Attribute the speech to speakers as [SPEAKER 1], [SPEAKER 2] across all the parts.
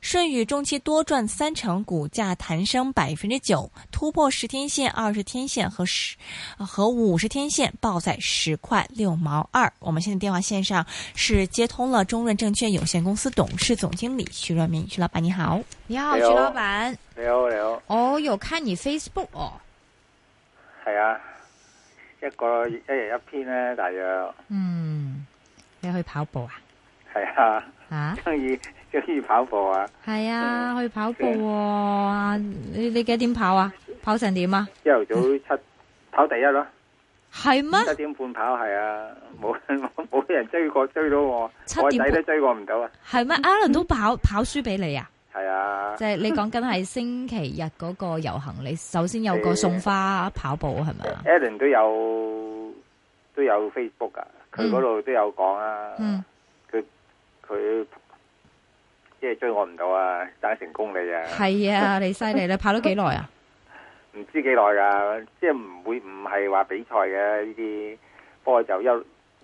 [SPEAKER 1] 舜宇中期多賺三成，股價彈升百分之九，突破十天線、二十天線和十和五十天線，報在十塊六毛二。我們現在電話線上是接通了中潤證券有限公司董事總經理徐潤民，徐老闆你好，
[SPEAKER 2] 你好徐老闆，你好你好，我有看你 Facebook 哦，係啊，一
[SPEAKER 3] 個一日一篇呢。大
[SPEAKER 2] 約，嗯，你去跑步啊？係
[SPEAKER 3] 啊，啊中意跑步
[SPEAKER 2] 啊！係啊，去跑步、啊。嗯、你你幾點跑啊？跑成點啊？
[SPEAKER 3] 朝頭早七、嗯、跑第一咯。係咩嗎？七點半跑係啊，冇冇人追過，追到我，七點我仔都追過唔到啊。
[SPEAKER 2] 係咩？Alan 都跑跑輸俾你啊？係
[SPEAKER 3] 啊。即係你
[SPEAKER 2] 講緊係星期日嗰個遊行，你首先有個送花跑步係咪、啊、
[SPEAKER 3] 吧？Alan 都有都有 Facebook 㗎、啊，佢嗰度都有講啊。嗯。佢佢。即係追我唔到啊！打成功你啊！係啊，你犀利啦！
[SPEAKER 2] 跑咗幾耐啊？
[SPEAKER 3] 唔知幾耐噶，即係唔會唔係話比賽嘅呢啲，不過就一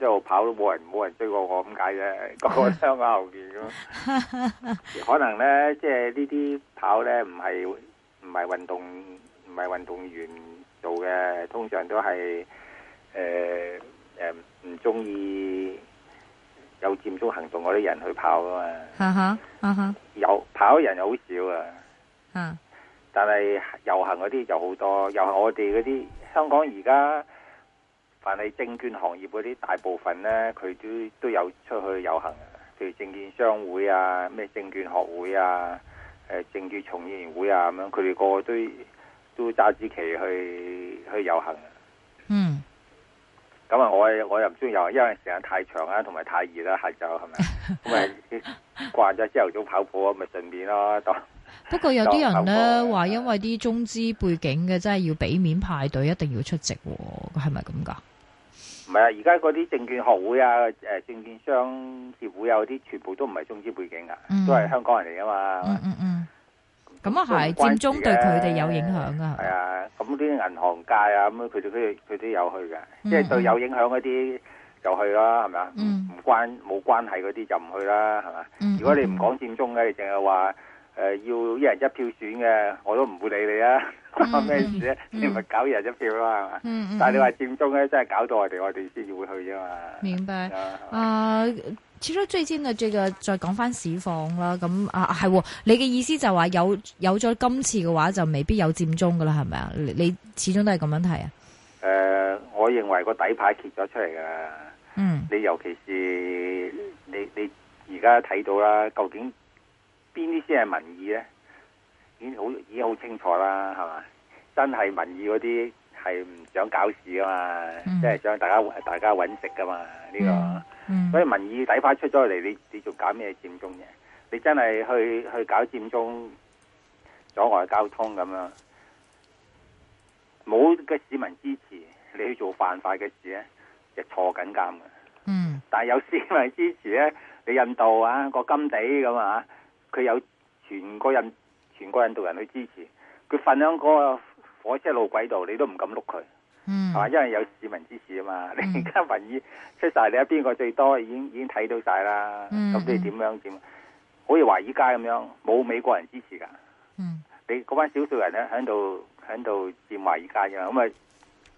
[SPEAKER 3] 一路跑都冇人冇人追過我咁解嘅，那個香港後邊咁。 可能咧，即係呢啲跑咧，唔係唔係運動唔係運動員做嘅，通常都係誒誒唔中意。呃呃有佔中行動嗰啲人去跑啊嘛嗯，嗯哼，哼、嗯，有跑嘅人又好少啊，嗯，但係遊行嗰啲就好多，又係我哋嗰啲香港而家，凡係證券行業嗰啲大部分呢，佢都都有出去遊行，譬如證券商會啊，咩證券學會啊，誒證券從業員會啊咁樣，佢哋個個都都揸支旗去去遊行。咁啊，我我又唔中意游，因為時間太長啊，同埋太熱啦，下晝係 就係咪？咁咪慣咗朝頭早跑步，咪順便咯。
[SPEAKER 2] 不過有啲人咧話，說因為啲中資背景嘅真係要俾面派對，一定要出席，哦，係咪咁噶？唔
[SPEAKER 3] 係啊，而家嗰啲證券學會啊，誒，證券商協會有、啊、啲全部都唔係中資背景噶，嗯、都係香港人嚟噶嘛。嗯嗯。是
[SPEAKER 2] 咁
[SPEAKER 3] 啊，係佔中對佢哋有影響啊！係啊，咁啲銀行界啊，咁佢哋都佢哋有去嘅，即係對有影響嗰啲就去啦，係咪啊？唔關冇關係嗰啲就唔去啦，係咪？如果你唔講佔中嘅，你淨係話誒要一人一票選嘅，我都唔會理你啊！咩事咧？你咪搞一人一票啦，係嘛？但你話佔中咧，真係搞到我哋，我哋先至會去啫嘛！明
[SPEAKER 2] 白啊！除咗最先，最先啊，最近再講返市況啦。咁啊，係喎，你嘅意思就話有有咗今次嘅話，就未必有佔中㗎啦，係咪啊？你始終都係咁樣睇啊？誒、
[SPEAKER 3] 呃，我認為個底牌揭咗出嚟噶。嗯，你尤其是你你而家睇到啦，究竟邊啲先係民意咧？已經好已經好清楚啦，係嘛？真係民意嗰啲。係唔想搞事噶嘛，即係、嗯、想大家大家揾食噶嘛呢、呢個，嗯嗯、所以民意底牌出咗嚟，你你仲搞咩佔中嘅？你真係去去搞佔中，阻礙交通咁樣，冇嘅市民支持，你去做犯法嘅事咧，就坐緊監嘅。嗯，但係有市民支持咧，你印度啊個金地咁啊，佢有全國印全國印度人去支持，佢份響個。我即係路軌道，你都唔敢碌佢，係嘛、嗯？因為有市民支持啊嘛！嗯、你而家民意出晒，你喺邊個最多已？已經已經睇到晒啦。咁、嗯、你點樣點？嗯、好似華爾街咁樣，冇美國人支持噶。嗯、你嗰班少數人咧喺度喺度佔華爾街啫。咁啊，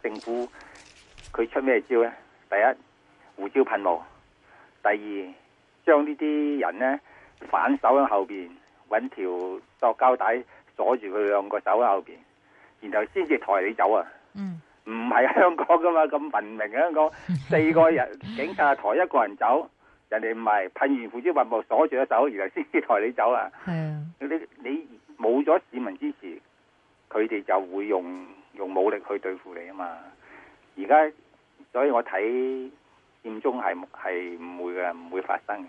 [SPEAKER 3] 政府佢出咩招咧？第一，胡椒噴霧；第二，將這些呢啲人咧反手喺後邊揾條塑膠帶鎖住佢兩個手喺後邊。然後先至抬你走啊！唔係、嗯、香港噶嘛，咁文明嘅香港，四個人警察抬一個人走，人哋唔係噴完胡椒噴霧、鎖住咗手，然後先至抬你走啊。係啊，嗯、你你冇咗市民支持，佢哋就會用用武力去對付你啊嘛！而家所以我睇，佔中係係唔會嘅，唔會發生嘅。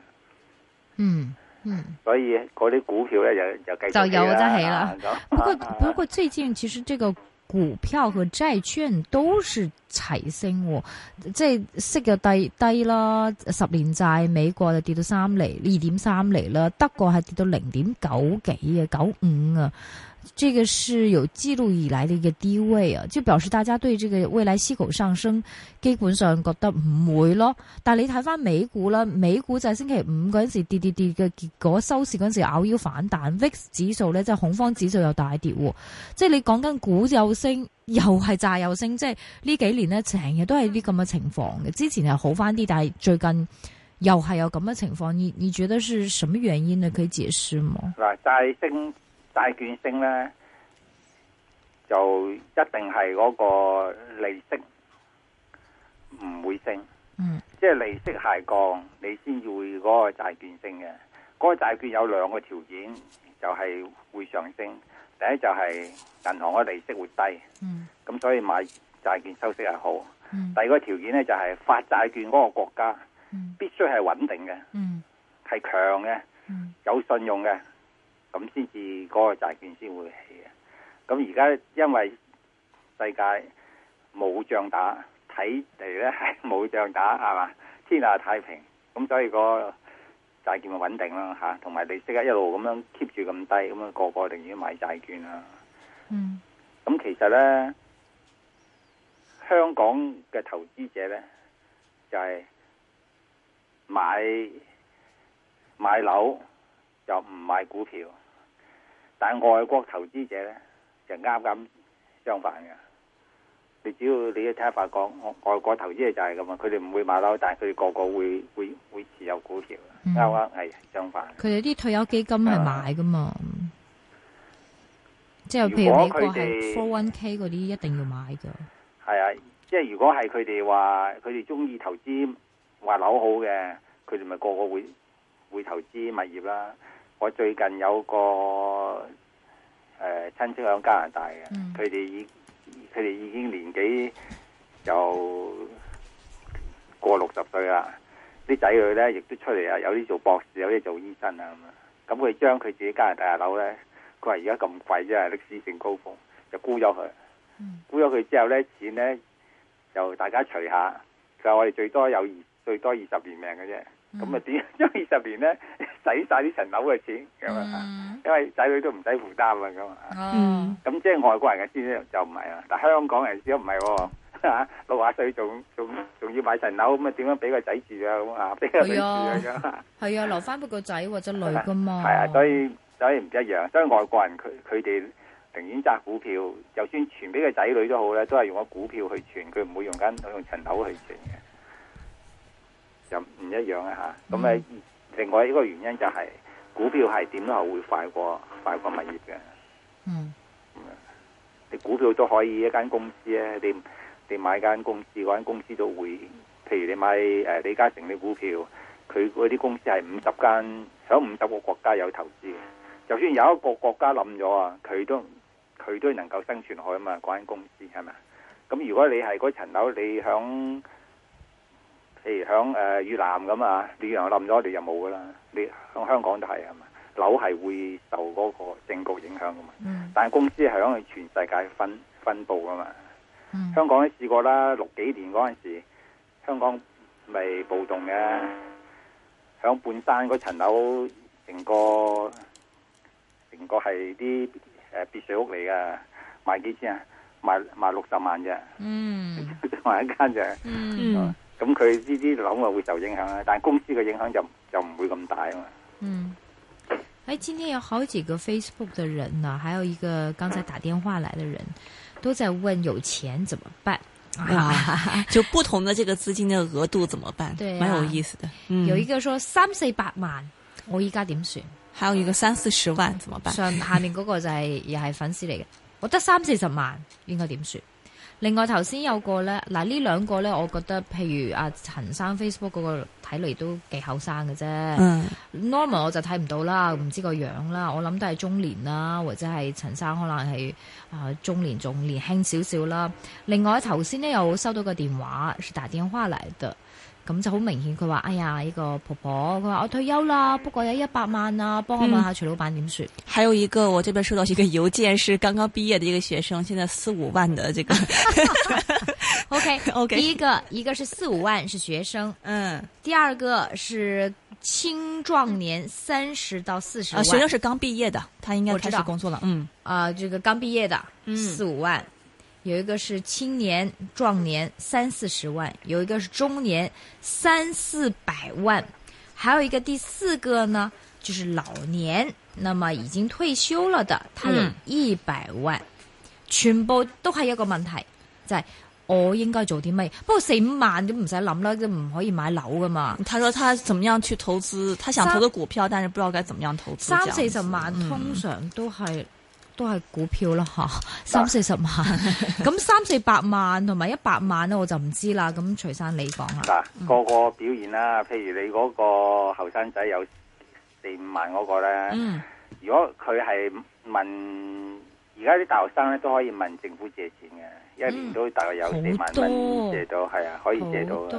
[SPEAKER 3] 嗯。嗯，所以嗰啲股票咧有又繼續了就有就係啦。啊、不過 不
[SPEAKER 2] 過最近其實這個股票和債券都是齊升的，即係息又低低啦。十年債美國就跌到三厘二點三厘啦，德國係跌到零點九幾啊，九五啊。這個是有記錄以來的一個低位啊，就表示大家對這個未來息口上升基本上覺得唔會咯。但係你睇翻美股啦，美股就係星期五嗰陣時跌跌跌嘅，結果收市嗰陣時拗腰反彈，VIX 指數呢，即係恐慌指數又大跌。即係你講緊股又升，又係債又升，即係呢幾年呢，成日都係呢咁嘅情況嘅。之前係好翻啲，但係最近又係有咁嘅情況。你你覺得是什麼原因呢？可以解釋嗎？
[SPEAKER 3] 嗱，就係債券升咧，就一定係嗰個利息唔會升，嗯、即係利息下降，你先會嗰個債券升嘅。嗰、嗰個債券有兩個條件，就係、係、會上升。第一就係銀行嘅利息會低，咁、嗯、所以買債券收息係好。嗯、第二個條件咧就係、係、發債券嗰個國家、嗯、必須係穩定嘅，係強嘅，嗯、有信用嘅。咁先至嗰個債券先會起嘅，咁而家因為世界冇仗打，睇嚟咧冇仗打係嘛，天下太平，咁所以個債券就穩定啦吓，同埋利息一路咁樣 keep 住咁低，咁樣個個寧願買債券啦。嗯，咁其實咧，香港嘅投資者咧就係買買樓。就唔買股票，但外國投資者咧就啱啱相反嘅。你只要你一聽法講，外國投資者就係咁啊，佢哋唔會買樓，但佢哋個，個個會會會持有股票。啱啊、嗯，係相反。佢
[SPEAKER 2] 哋啲退休基金係買噶嘛，吧即係譬如美國係 four one k 嗰啲一定要買嘅。
[SPEAKER 3] 係啊，即係如果係佢哋話佢哋中意投資買樓好嘅，佢哋咪個個會會投資物業啦。我最近有個誒、呃、親戚喺加拿大嘅，佢哋已佢哋已經年紀就過六十歲啦，啲仔女咧亦都出嚟啊，有啲做博士，有啲做醫生啊咁啊。咁佢將佢自己加拿大，大樓咧，佢話而家咁貴啫，歷史性高峰，就沽咗佢。沽咗佢之後咧，錢咧就大家除下，就我哋最多有二最多二十年命嘅啫。咁啊，點因為二十年咧使晒啲層樓嘅錢咁啊？因為仔、嗯、女都唔使負擔啊，咁啊，咁、嗯、即係外國人嘅先就唔係啊，但係香港人先唔係，吓六廿歲仲仲仲要買層樓，咁啊，點樣俾個仔住啊？咁啊，俾個女住啊？咁啊，係啊，留翻俾個仔或
[SPEAKER 2] 者女噶嘛？係啊,
[SPEAKER 3] 啊，所以所以唔一樣，所以外國人佢佢哋寧願揸股票，就算傳俾個仔女都好咧，都係用個股票去傳，佢唔會用緊用層樓去傳嘅。就唔一樣啊！吓，咁啊，另外一個原因就係股票係點都係會快過快過物業嘅。嗯，你股票都可以一間公司咧，你你買間公司，嗰間公司都會，譬如你買誒、呃、李嘉誠啲股票，佢嗰啲公司係五十間，響五十個國家有投資。就算有一個國家冧咗啊，佢都佢都能夠生存開啊嘛，嗰間公司係咪？咁如果你係嗰層樓，你響。譬如響誒越南咁啊，越南冧咗，你就冇噶啦。你響香港就係係嘛，樓係會受嗰個政局影響噶嘛。嗯、但係公司係響全世界分分布噶嘛。嗯、香港都試過啦，六幾年嗰陣時，香港未暴動嘅，響半山嗰層樓，成個成個係啲誒別墅屋嚟噶，賣幾錢啊？賣賣六十萬啫，嗯，賣一間啫，嗯。嗯咁佢呢啲樓啊會受影響啦，但係公司嘅影響就就唔會咁大
[SPEAKER 2] 啊嘛。嗯，誒、哎，今天有好幾個 Facebook 嘅人啊，還有一個剛才打電
[SPEAKER 1] 話來嘅人都在問有錢怎麼辦啊？啊 就不同的這個資金的額度怎麼辦？對、啊、蠻有意思的。嗯、有一個
[SPEAKER 2] 說三四百萬，我依家點算？還有一個三四十萬怎麼辦？嗯、上下面嗰個就係又係粉絲嚟嘅，我得三四十萬應該點算？另外頭先有個咧，嗱、啊、呢兩個咧，我覺得譬如阿陳生 Facebook 嗰個睇嚟都幾後生嘅啫。嗯、Norman 我就睇唔到啦，唔知個樣啦，我諗都係中年啦，或者係陳生可能係啊、呃、中年仲年輕少少啦。另外頭先咧有收到個電話是打電話嚟嘅。咁就好明顯，佢話哎呀，呢個婆婆，佢話我退休啦，不過有一百萬啊，幫我問下徐老
[SPEAKER 1] 闆點算。還有一個，我這邊收到一個郵件，是剛剛畢業的一個學生，現在四五萬的這個。
[SPEAKER 2] OK OK，第一個一個是四五萬是學生，嗯，第二個是青壯年三十、嗯、到四十，啊，學生是剛畢業的，他應該開始工作了，嗯，啊、呃，這個剛畢業的，嗯、四五萬。有一個是青年壯年三四十萬，有一個是中年三四百萬，還有一個第四個呢就是老年，那麼已經退休了的，他有一百萬，嗯、全部都還有一個問題，在我、哦、應該做啲咩？誰不過四五
[SPEAKER 1] 萬都唔使諗啦，佢唔可以買樓噶嘛。他說他怎麼樣去投資？他想投的股票，三但是不知道該怎麼樣投資。三四十萬、嗯、通常
[SPEAKER 2] 都係。都係股票咯，嗬，三四十萬，咁 三四百萬同埋一百萬咧，我就唔知啦。咁，徐生你講
[SPEAKER 3] 下，個個表現啦，譬如你嗰個後生仔有四五萬嗰、那個咧，嗯、如果佢係問，而家啲大學生咧都可以問政府借錢嘅，嗯、一年都大概有四萬蚊借到，係啊多，可以借到。咁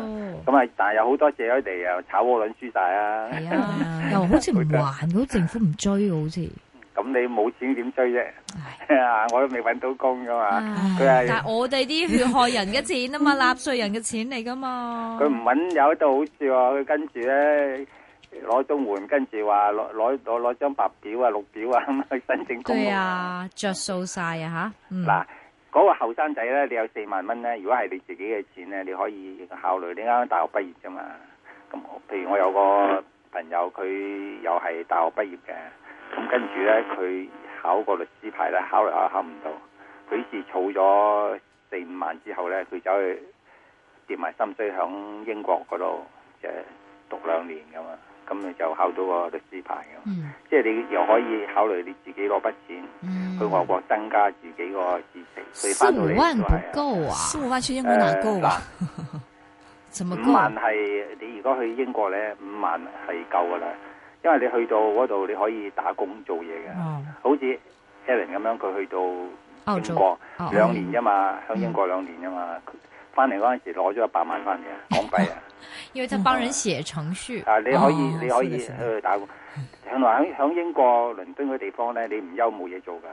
[SPEAKER 3] 多啊，但係有好多借咗嚟，又炒窩輪輸晒啊，係啊，
[SPEAKER 2] 又好似唔還，政府唔追好似。
[SPEAKER 3] 咁你冇錢點追啫？係啊，我都未搵到工噶嘛。佢係但係我
[SPEAKER 2] 哋啲血害人嘅錢啊嘛，納稅人嘅錢嚟噶嘛。佢唔
[SPEAKER 3] 穩有一度好似話，佢跟住咧攞綜援，跟住話攞攞攞攞張白表啊、綠表啊去申請公屋。對啊，
[SPEAKER 2] 着數晒啊吓。嗱，
[SPEAKER 3] 嗰個後生仔咧，你有四萬蚊咧，如果係你自己嘅錢咧，你可以考慮。你啱啱大學畢業啫嘛。咁譬如我有個朋友，佢又係大學畢業嘅。咁跟住咧，佢考個律師牌咧，考又考唔到。佢是儲咗四五萬之後咧，佢走去跌埋心機響英國嗰度，即係讀兩年噶嘛。咁咪就考到個律師牌嘅。嗯，即係你又可以考慮你自己嗰筆錢，嗯、去外國增加自己個資歷。四五萬唔夠啊？四
[SPEAKER 1] 五萬去英國哪夠啊？ 怎
[SPEAKER 2] 麼
[SPEAKER 3] 夠？五萬係你如果去英國咧，五萬係夠噶啦。因為你去到嗰度，你可以打工做嘢嘅，好似 Allen 咁樣，佢去到英國兩年啫嘛，響英國兩年啫嘛，翻嚟嗰陣時攞咗一百萬翻嚟，港幣啊！
[SPEAKER 2] 因為佢幫人寫程序啊，你可以你可以去
[SPEAKER 3] 打工。響響響英國倫敦嗰啲地方咧，你唔憂冇嘢做㗎，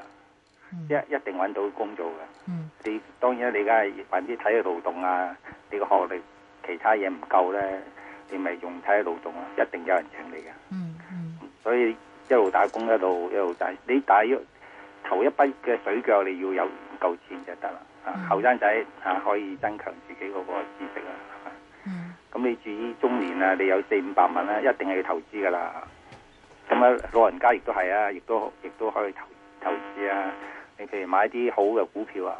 [SPEAKER 3] 一一定揾到工做㗎。你當然啦，你梗係揾啲體力勞動啊，你個學歷其他嘢唔夠咧，你咪用體力勞動啊，一定有人請你嘅。所以一路打工一路一路打，你打頭一投一筆嘅水腳，你要有夠錢就得啦。後生仔吓，可以增強自己嗰個知識啊。咁、嗯、你至於中年啊，你有四五百萬咧，一定係要投資噶啦。咁啊，老人家亦都係啊，亦都亦都可以投投資啊。你譬如買啲好嘅股票啊，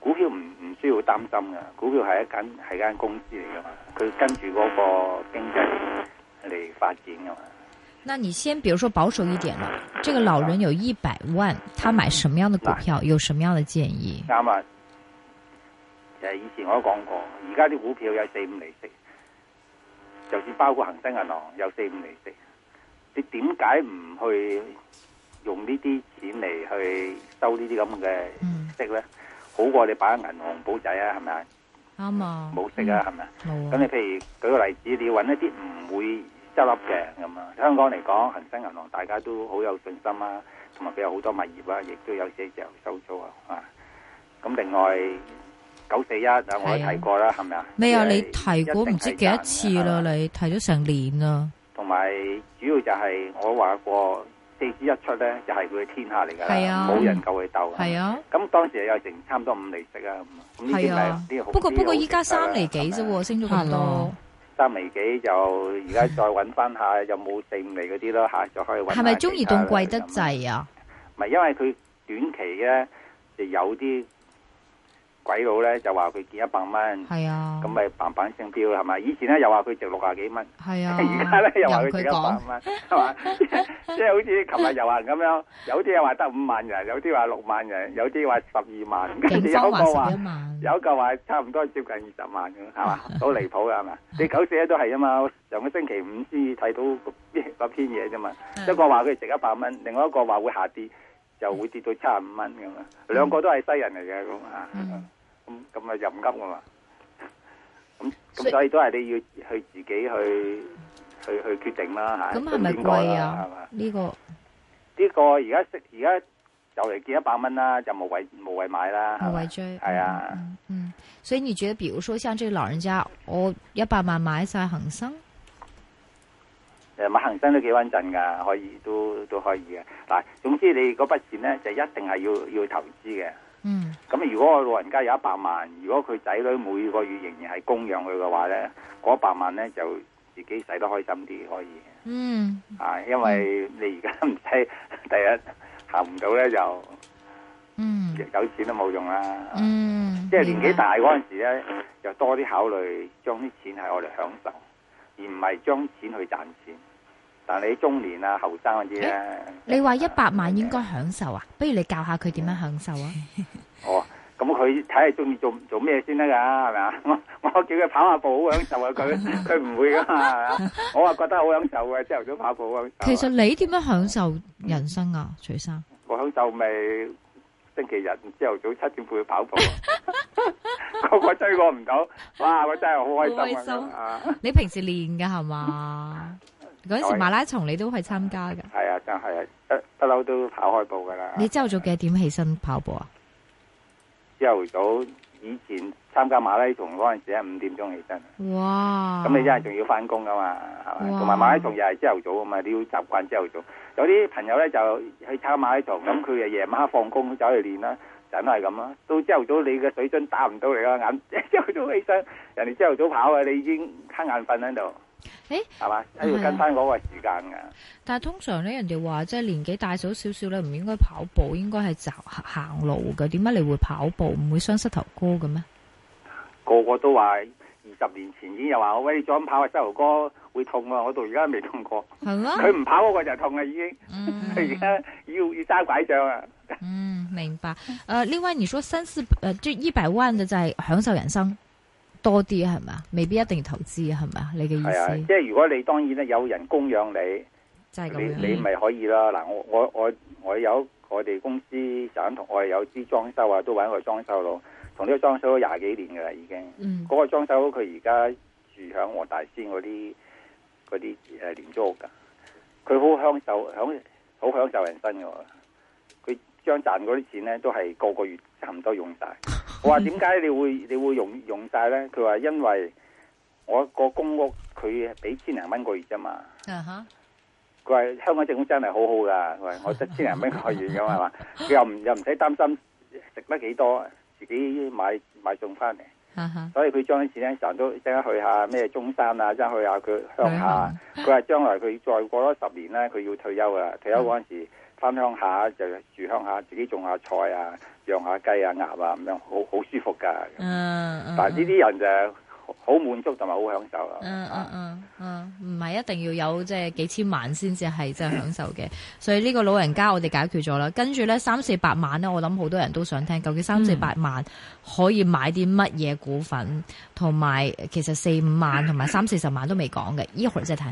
[SPEAKER 3] 股票唔唔需要擔心噶，股票係一間係間公司嚟噶嘛，佢跟住嗰個經濟嚟發展噶嘛。
[SPEAKER 2] 那你先，比如說保守一點啦，這個老人有一百萬，他買什麼樣的股票，來有什麼樣的建議？
[SPEAKER 3] 啱、啊，誒，其實以前我都講過，而家啲股票有四五厘息，就算包括恒生銀行有四五厘息，你點解唔去用呢啲錢嚟，去收這這呢啲咁嘅息咧？嗯、好過你擺喺銀行保仔啊，係咪？啱
[SPEAKER 2] 啊。冇息啊，係咪、嗯？冇。
[SPEAKER 3] 咁有你譬如舉個例子，你要揾一啲唔會。執笠嘅咁啊！香港嚟講，恒生銀行大家都好有信心啊，同埋佢有好多物業啊，亦都有寫字樓收租啊，啊！咁另外九四一，我哋提過啦，係咪啊？未啊？你
[SPEAKER 2] 提過唔知幾多次啦？你提咗成年啦。
[SPEAKER 3] 同埋主要就係我話過四指一出咧，就係佢嘅天下嚟噶啦，冇人夠佢鬥。係啊。咁當時有成差唔多五厘息啊。係啊。不過不過依家三厘幾
[SPEAKER 2] 啫，升咗好多。
[SPEAKER 3] 三厘幾就而家再揾翻下有冇定嚟嗰啲咯嚇，就可以揾。係咪中意到貴得滯啊？唔係因為佢短期咧，就有啲。鬼佬咧就話佢值一百蚊，咁咪、啊、棒棒聲標係咪？以前咧又話佢值六廿幾蚊，
[SPEAKER 1] 係啊，而家咧又話佢值一百
[SPEAKER 3] 蚊，係嘛？即係是吧 好似琴日遊行咁樣， 有啲又話得五萬人，有啲話六萬人，有啲話十二萬，跟住有個話有個話差唔多接近二十萬咁，係嘛？好離譜噶係嘛？你九四一都係啊嘛，上個星期五先睇到個篇嘢啫嘛，的一個話佢值一百蚊，另外一個話會下跌，就會跌到七十五蚊咁啊，兩個都係西人嚟嘅咁啊。 咁咁啊，就唔急啊嘛，咁咁所以都係你要去自己去去去決定啦吓，咁係咪貴啊，係嘛
[SPEAKER 2] 呢個？呢
[SPEAKER 3] 個而家食而家就嚟見一百蚊啦，就無謂無謂買啦，無謂
[SPEAKER 2] 追係啊。嗯，所以你覺得，比如說像這個老人家，我一百萬買晒恒生，
[SPEAKER 3] 誒買恒生都幾穩陣噶，可以都都可以嘅。嗱，總之你嗰筆錢咧就一定係要要投資嘅。嗯。咁如果我老人家有一百萬，如果佢仔女每個月仍然係供養佢嘅話咧，嗰一百萬咧就自己使得開心啲，可以。嗯。啊，因為你而家唔使，第一行唔到咧就，嗯，有錢都冇用啦。嗯。即係年紀大嗰陣時咧，的就多啲考慮將啲錢係我哋享受，而唔係將錢去賺錢。但係喺中年啊、後生嗰啲咧，
[SPEAKER 2] 你話一百萬應該享受啊？的不如你教下佢點樣享受啊？嗯
[SPEAKER 3] 哦，咁佢睇下中意做做咩先得噶，係咪啊？我我叫佢跑下步，好享受啊！佢佢唔會噶、啊、嘛， 我啊覺得好享受啊！朝頭早跑步、啊，其
[SPEAKER 2] 實你點樣享受人生啊？嗯、徐生，
[SPEAKER 3] 我享受未？星期日朝頭早七點半去跑步，我 追我唔到，哇！我真係好開心啊！心
[SPEAKER 2] 啊，你平時練噶係嘛？
[SPEAKER 3] 嗰 時馬
[SPEAKER 2] 拉松你都係參加噶？
[SPEAKER 3] 係啊，就係不不嬲都跑開步噶啦！你
[SPEAKER 2] 朝頭早幾多點起身跑步啊？
[SPEAKER 3] 朝頭早以前參加馬拉松嗰陣時咧五點鐘起身，哇！咁你真係仲要翻工噶嘛，係嘛？同埋馬拉松又係朝頭早啊嘛，你要習慣朝頭早。有啲朋友咧就去參加馬拉松，咁佢又夜晚黑放工走去練啦，梗係咁啦。到朝頭早你嘅水準打唔到你個眼朝頭早起身，人哋朝頭早跑啊，你已經瞌眼瞓喺度。誒，係嘛、欸？都要跟翻嗰個時間噶、啊。
[SPEAKER 2] 但係通常咧，人哋話即係年紀大咗少少咧，唔應該跑步，應該係走行路噶。點解你會跑步？唔會傷膝頭哥嘅咩？個個都話二十年
[SPEAKER 3] 前已經又話我喂，你再咁跑膝頭哥會痛啊！我到而家未痛過。係啊，佢唔跑嗰個就痛啊，已經。嗯，而家要要揸拐杖啊。嗯，
[SPEAKER 2] 明白。誒、呃，另外你說三四，誒，即係一百萬嘅就享受人生。多啲係嘛，未必一定要投資係嘛，你嘅意思？
[SPEAKER 3] 係啊、即係如果你當然咧有人供養你，
[SPEAKER 2] 就係咁你咪
[SPEAKER 3] 可以啦。嗱，我我我我有我哋公司就咁同我哋有支裝修啊，都搵佢裝修咯。同呢個裝修都廿幾年噶啦，已經。嗰、嗯、個裝修佢而家住響黃大仙嗰啲嗰啲誒廉租屋噶，佢好享受，響好享受人生噶。佢將賺嗰啲錢咧，都係個個月差唔多用晒。 我話點解你會你會用用晒咧？佢話因為我個公屋佢俾千零蚊個月啫嘛。佢話、uh huh. 香港政府真係好好噶，佢話我得千零蚊個月咁係嘛？佢又唔又唔使擔心食得幾多，自己買買餸翻嚟。Uh huh. 所以佢將啲錢咧成日都即刻去下咩中山啊，即刻去下佢鄉下。佢話將來佢再過咗十年咧，佢要退休啊！退休嗰陣時候。Uh huh. 翻鄉下就住鄉下，自己種下菜啊，養下雞啊、鴨啊咁樣，好好舒服噶。嗯，uh,
[SPEAKER 2] uh, uh, 但係
[SPEAKER 3] 呢啲人就好滿足同埋好享受 uh, uh, uh,
[SPEAKER 2] uh, 啊。嗯嗯嗯嗯，唔係一定要有即係幾千萬先至係真係享受嘅。 所以呢個老人家我哋解決咗啦，跟住咧三四百萬咧，我諗好多人都想聽，究竟三四百萬可以買啲乜嘢股份？同埋其實四五萬同埋三四十萬都未講嘅， 一會再聽。